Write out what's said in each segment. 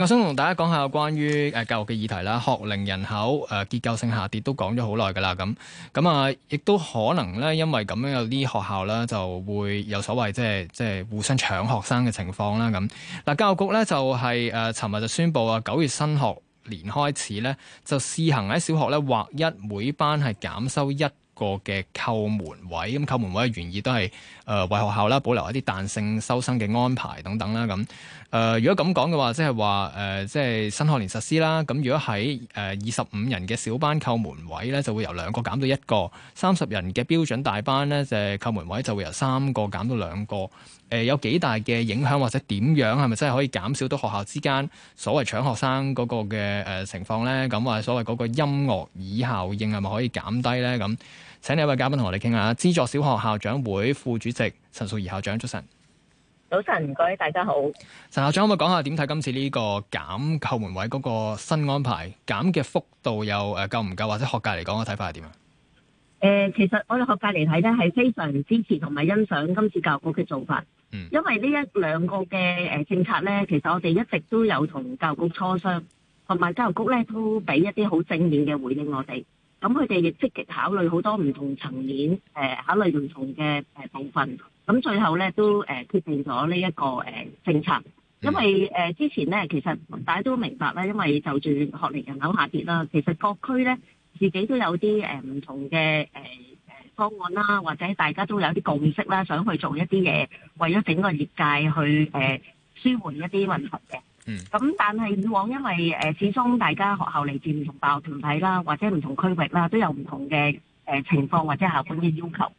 我想同大家講下關於誒教育嘅議題啦，學齡人口誒結構性下跌都講咗好耐噶啦，咁咁啊，亦都可能咧，因為咁樣有啲學校咧就會有所謂即係即係互相搶學生嘅情況啦，咁嗱，教育局咧就係誒，尋日就宣布啊，九月新學年開始咧就試行喺小學咧劃一每班係減收一個嘅扣門位，咁扣門位嘅原意都係誒為學校啦保留一啲彈性收生嘅安排等等啦咁。誒、呃，如果咁講嘅話，即係話誒，即係新學年實施啦。咁如果喺誒二十五人嘅小班扣門位咧，就會由兩個減到一個；三十人嘅標準大班咧，就係扣門位就會由三個減到兩個。誒、呃，有幾大嘅影響或者點樣係咪真係可以減少到學校之間所謂搶學生嗰個嘅誒情況咧？咁話所謂嗰個音樂椅效應係咪可以減低咧？咁？請你一位嘉賓同我哋傾下。資助小學校長會副主席陳淑儀校長，早晨。早晨，各位大家好。陳校長可唔可以講下點睇今次呢個減叩門位嗰個新安排？減嘅幅度又誒夠唔夠？或者學界嚟講嘅睇法係點啊？誒、呃，其實我哋學界嚟睇咧，係非常支持同埋欣賞今次教育局嘅做法。嗯、因為呢一兩個嘅誒政策咧，其實我哋一直都有同教、教育局磋商，同埋教育局咧都俾一啲好正面嘅回應我哋。咁佢哋亦積極考慮好多唔同層面，呃、考慮唔同嘅、呃、部分。咁最後咧都、呃、決定咗呢一個、呃、政策，因為、呃、之前咧其實大家都明白啦，因為就住學齡人口下跌啦，其實各區咧自己都有啲、呃、唔同嘅、呃、方案啦，或者大家都有啲共識啦，想去做一啲嘢，為咗整個業界去誒、呃、舒緩一啲問題嘅。咁、嗯、但係以往因為誒、呃、始終大家學校嚟自唔同教育團體啦，或者唔同區域啦，都有唔同嘅誒、呃、情況或者校本嘅要求。咁、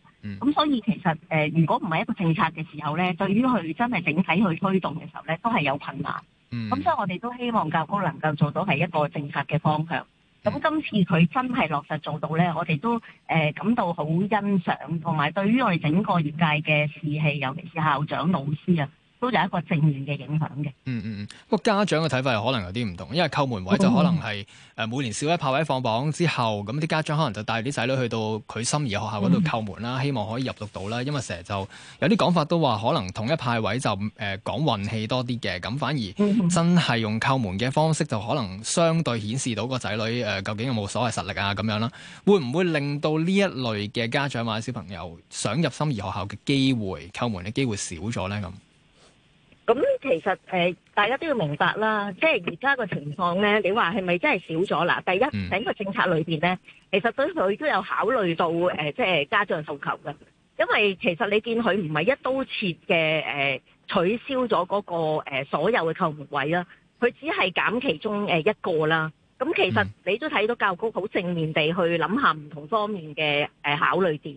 嗯、所以其實誒、呃、如果唔係一個政策嘅時候咧，對於佢真係整體去推動嘅時候咧，都係有困難。咁、嗯、所以我哋都希望教育局能夠做到係一個政策嘅方向。咁今、嗯、次佢真係落實做到咧，我哋都誒、呃、感到好欣賞，同埋對於我哋整個業界嘅士氣，尤其是校長老師啊。都有一個正面嘅影響嘅、嗯。嗯嗯嗯，不過家長嘅睇法可能有啲唔同，因為叩門位就可能係每年小一派位放榜之後，咁啲、嗯、家長可能就帶啲仔女去到佢心儀學校嗰度叩門啦，嗯、希望可以入讀到啦。因為成日就有啲講法都話，可能統一派位就誒、呃、講運氣多啲嘅，咁反而真係用叩門嘅方式就可能相對顯示到個仔女、呃、究竟有冇所謂實力啊咁樣啦。會唔會令到呢一類嘅家長或者小朋友想入心儀學校嘅機會叩門嘅機會少咗咧？咁？咁其實、呃、大家都要明白啦，即係而家個情況咧，你話係咪真係少咗啦？第一整個政策裏面咧，其實對佢都有考慮到、呃、即係家長訴求嘅，因為其實你見佢唔係一刀切嘅、呃、取消咗嗰、那個、呃、所有嘅叩門位啦，佢只係減其中一個啦。咁其實你都睇到教育局好正面地去諗下唔同方面嘅、呃、考慮點。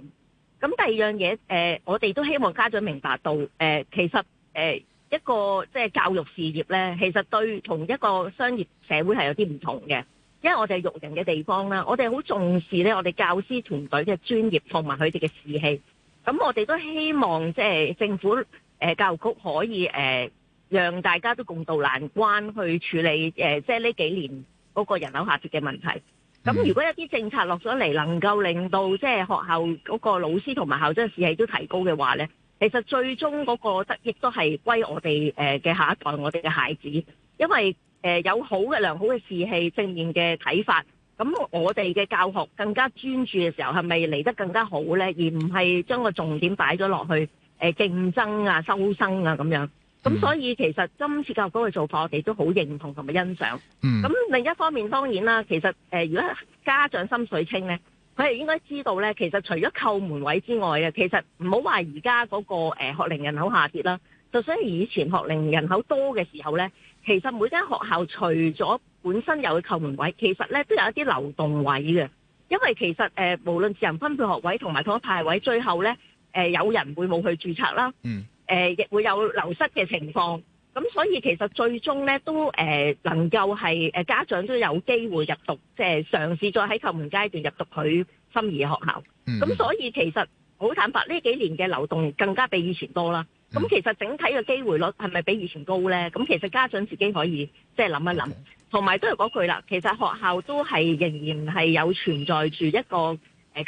咁第二樣嘢、呃、我哋都希望家長明白到、呃、其實、呃一個即係教育事業呢，其實對同一個商業社會係有啲唔同嘅，因為我哋育人嘅地方啦，我哋好重視呢，我哋教師團隊嘅專業同埋佢哋嘅士氣。咁我哋都希望即係政府誒、呃、教育局可以誒、呃、讓大家都共度難關去處理誒、呃、即係呢幾年嗰個人口下跌嘅問題。咁、嗯、如果有一啲政策落咗嚟，能夠令到即係學校嗰個老師同埋校長士氣都提高嘅話呢。其實最終嗰個得益都係歸我哋誒嘅下一代，我哋嘅孩子，因為誒有好嘅良好嘅士氣、正面嘅睇法，咁我哋嘅教學更加專注嘅時候，係咪嚟得更加好咧？而唔係將個重點擺咗落去誒、呃、競爭啊、收生啊咁樣。咁所以其實今次教育局嘅做法，我哋都好認同同埋欣賞。嗯。咁另一方面，當然啦，其實誒，如果家長心水清咧。佢係應該知道咧，其實除咗叩門位之外啊，其實唔好話而家嗰個學齡人口下跌啦，就算以前學齡人口多嘅時候咧，其實每間學校除咗本身有嘅叩門位，其實咧都有一啲流動位嘅，因為其實、呃、無論自行分配學位同埋統一派位，最後咧、呃、有人會冇去註冊啦，亦、呃、會有流失嘅情況。咁所以其實最終咧都誒、呃、能夠係、呃、家長都有機會入讀，即係嘗試再喺叩門階段入讀佢心儀嘅學校。咁、嗯、所以其實好坦白，呢幾年嘅流動更加比以前多啦。咁、嗯、其實整體嘅機會率係咪比以前高咧？咁其實家長自己可以即係諗一諗，同埋都係嗰句啦。其實學校都係仍然係有存在住一個誒叩、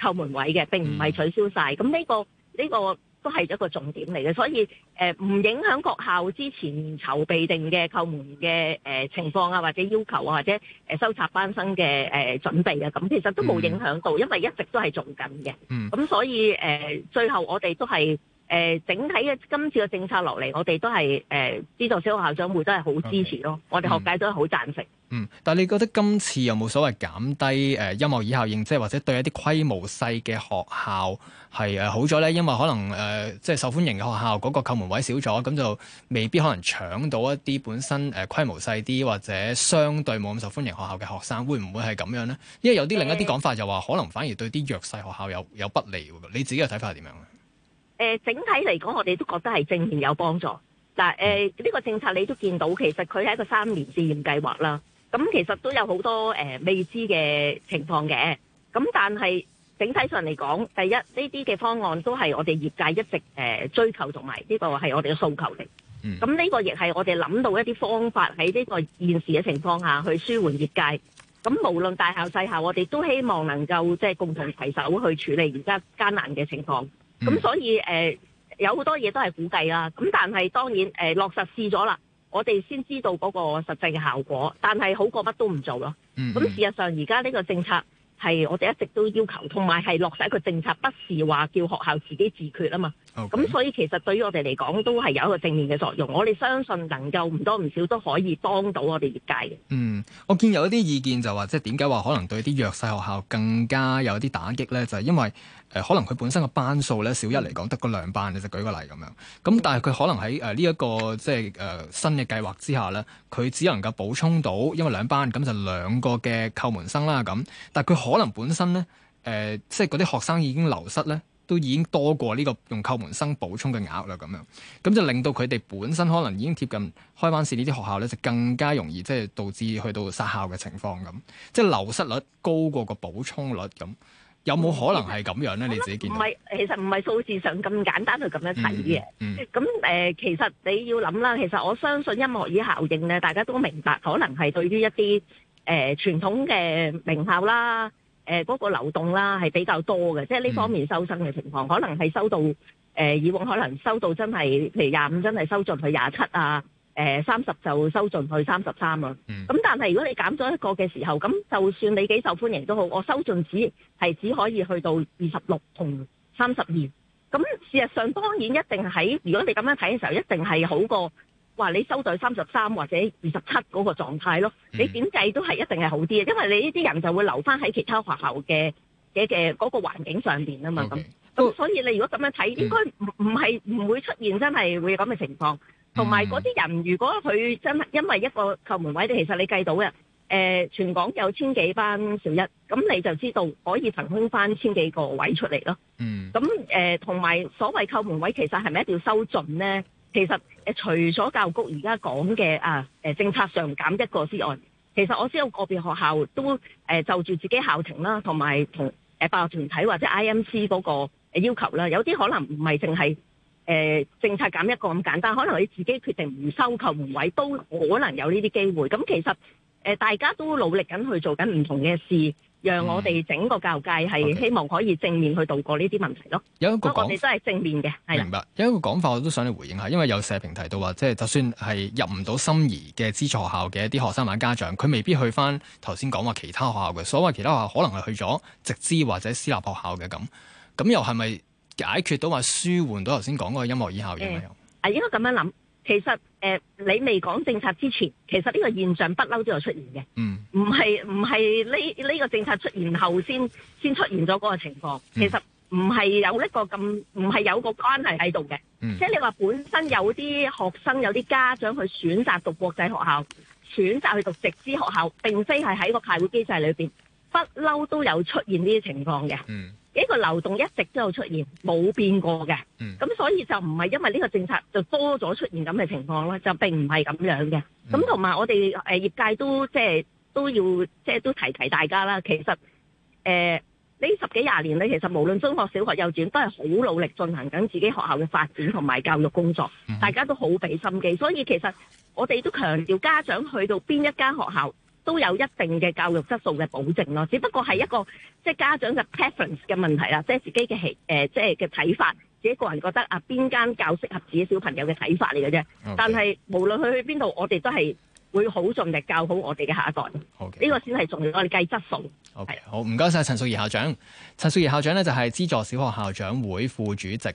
呃、門位嘅，並唔係取消晒。咁呢個呢個，這個都係一個重點嚟嘅，所以誒唔、呃、影響學校之前籌備定嘅叩門嘅誒情況啊，或者要求啊，或者誒、呃、收插班生嘅誒、呃、準備啊，咁其實都冇影響到，因為一直都係做緊嘅。嗯，咁所以誒、呃、最後我哋都係誒、呃、整體嘅今次嘅政策落嚟，我哋都係誒、呃、知道小學校長會都係好支持咯，okay, 我哋學界都係好贊成。嗯嗯，但係你覺得今次有冇所謂減低誒、呃、音樂椅效應，即係或者對一啲規模細嘅學校係誒好咗咧？因為可能誒、呃、即係受歡迎嘅學校嗰個叩門位少咗，咁就未必可能搶到一啲本身誒規、呃、模細啲或者相對冇咁受歡迎學校嘅學生，會唔會係咁樣呢？因為有啲、呃、另一啲講法就話、是、可能反而對啲弱勢學校有有不利。你自己嘅睇法係點樣？誒、呃，整體嚟講，我哋都覺得係正面有幫助。嗱，誒、呃、呢、嗯、個政策你都見到，其實佢係一個三年試驗計劃啦。咁其實都有好多誒、呃、未知嘅情況嘅，咁但係整體上嚟講，第一呢啲嘅方案都係我哋業界一直誒、呃、追求同埋呢個係我哋嘅訴求嚟。咁呢、嗯、個亦係我哋諗到一啲方法喺呢個現時嘅情況下去舒緩業界。咁無論大校細校，我哋都希望能夠即係共同攜手去處理而家艱難嘅情況。咁、嗯、所以誒、呃，有好多嘢都係估計啦。咁但係當然誒、呃，落實試咗啦。我哋先知道嗰個實際嘅效果，但係好過乜都唔做咯。咁事實上，而家呢個政策係我哋一直都要求，同埋係落實一個政策，不是話叫學校自己自決啊嘛。咁 Okay. 所以其實對於我哋嚟講都係有一個正面嘅作用，我哋相信能夠唔多唔少都可以幫到我哋業界嘅。嗯，我見有一啲意見就話，即係點解話可能對啲弱勢學校更加有啲打擊呢？就係因為，呃，可能佢本身嘅班數呢，小一嚟講得個兩班，你就舉個例咁樣。咁但係佢可能喺呢一個即係、呃、新嘅計劃之下呢，佢只能夠補充到因為兩班咁就兩個嘅叩門生啦咁，但係佢可能本身呢，呃、即係嗰啲學生已經流失呢，都已經多過呢個用叩門生補充嘅額啦，咁樣咁就令到佢哋本身可能已經貼近開班線呢啲學校咧，就更加容易即係導致去到殺校嘅情況咁，即係流失率高過個補充率咁，有冇可能係咁樣咧？嗯、你自己見唔係，其實唔係數字上咁簡單去咁樣睇嘅。嗯。咁誒、呃，其實你要諗啦，其實我相信音樂椅效應咧，大家都明白，可能係對於一啲誒傳統嘅名校啦。誒嗰、呃那個流動啦，係比較多嘅，即係呢方面收生嘅情況，嗯、可能係收到誒、呃、以往可能收到真係譬如廿五，真係收進去廿七啊，誒三十就收進去三十三啊。咁、嗯、但係如果你減咗一個嘅時候，咁就算你幾受歡迎都好，我收進只係只可以去到二十六同三十二。咁事實上當然一定喺如果你咁樣睇嘅時候，一定係好過。話你收到三十三或者二十七嗰個狀態咯，你點計都係一定係好啲嘅，因為你呢啲人就會留翻喺其他學校嘅嘅嘅嗰個環境上邊啊嘛，咁咁所以你如果咁樣睇，應該唔唔係唔會出現真係會有咁嘅情況。同埋嗰啲人如果佢真係因為一個叩門位，你其實你計到嘅，誒全港有千幾班小一，咁你就知道可以騰空翻千幾個位出嚟咯。嗯，咁誒同埋所謂叩門位，其實係咪一定要收盡咧？其實誒除咗教育局而家講嘅啊誒政策上減一個之外，其實我知有個別學校都誒、呃、就住自己校情啦，同埋同誒辦學團體或者 I M C 嗰個要求啦，有啲可能唔係淨係誒政策減一個咁簡單，可能你自己決定唔收叩門位都可能有呢啲機會。咁其實誒、呃、大家都努力緊去做緊唔同嘅事。讓我哋整個教界係希望可以正面去度過呢啲問題咯。有一個講，我哋都係正面嘅，明白。有一個講法我都想你回應下，因為有社評提到話，即係就算係入唔到心儀嘅資助學校嘅一啲學生或者家長，佢未必去翻頭先講話其他學校嘅。所謂其他學校可能係去咗直資或者私立學校嘅咁。咁又係咪解決到話舒緩到頭先講嗰個音樂椅效應啊？應該咁樣諗，其實誒，你未講政策之前，其實呢個現象不嬲都有出現嘅，唔係唔係呢呢個政策出現後先先出現咗嗰個情況。嗯、其實唔係有一個咁唔係有個關係喺度嘅，即係你話本身有啲學生有啲家長去選擇讀國際學校，選擇去讀直資學校，並非係喺個派位機制裏邊不嬲都有出現呢啲情況嘅。嗯呢個流動一直都有出現，冇變過嘅。咁、嗯、所以就唔係因為呢個政策就多咗出現咁嘅情況咯，就並唔係咁樣嘅。咁同埋我哋誒、呃、業界都即係都要即係都提提大家啦。其實誒呢、呃、十幾廿年咧，其實無論中學、小學、幼稚園都係好努力進行緊自己學校嘅發展同埋教育工作，嗯、哼大家都好俾心機。所以其實我哋都強調家長去到邊一間學校。都有一定嘅教育質素嘅保證咯，只不過係一個即係家長嘅 preference 嘅問題啦，即係自己嘅誒、呃、即係嘅睇法，自己個人覺得啊邊間較適合自己小朋友嘅睇法嚟嘅啫。Okay. 但係無論佢去邊度，我哋都係會好盡力教好我哋嘅下一代。呢 Okay. 個先係重要嘅，我哋計質素。Okay. 是好，好唔該晒陳淑儀校長。陳淑儀校長咧就係資助小學校長會副主席。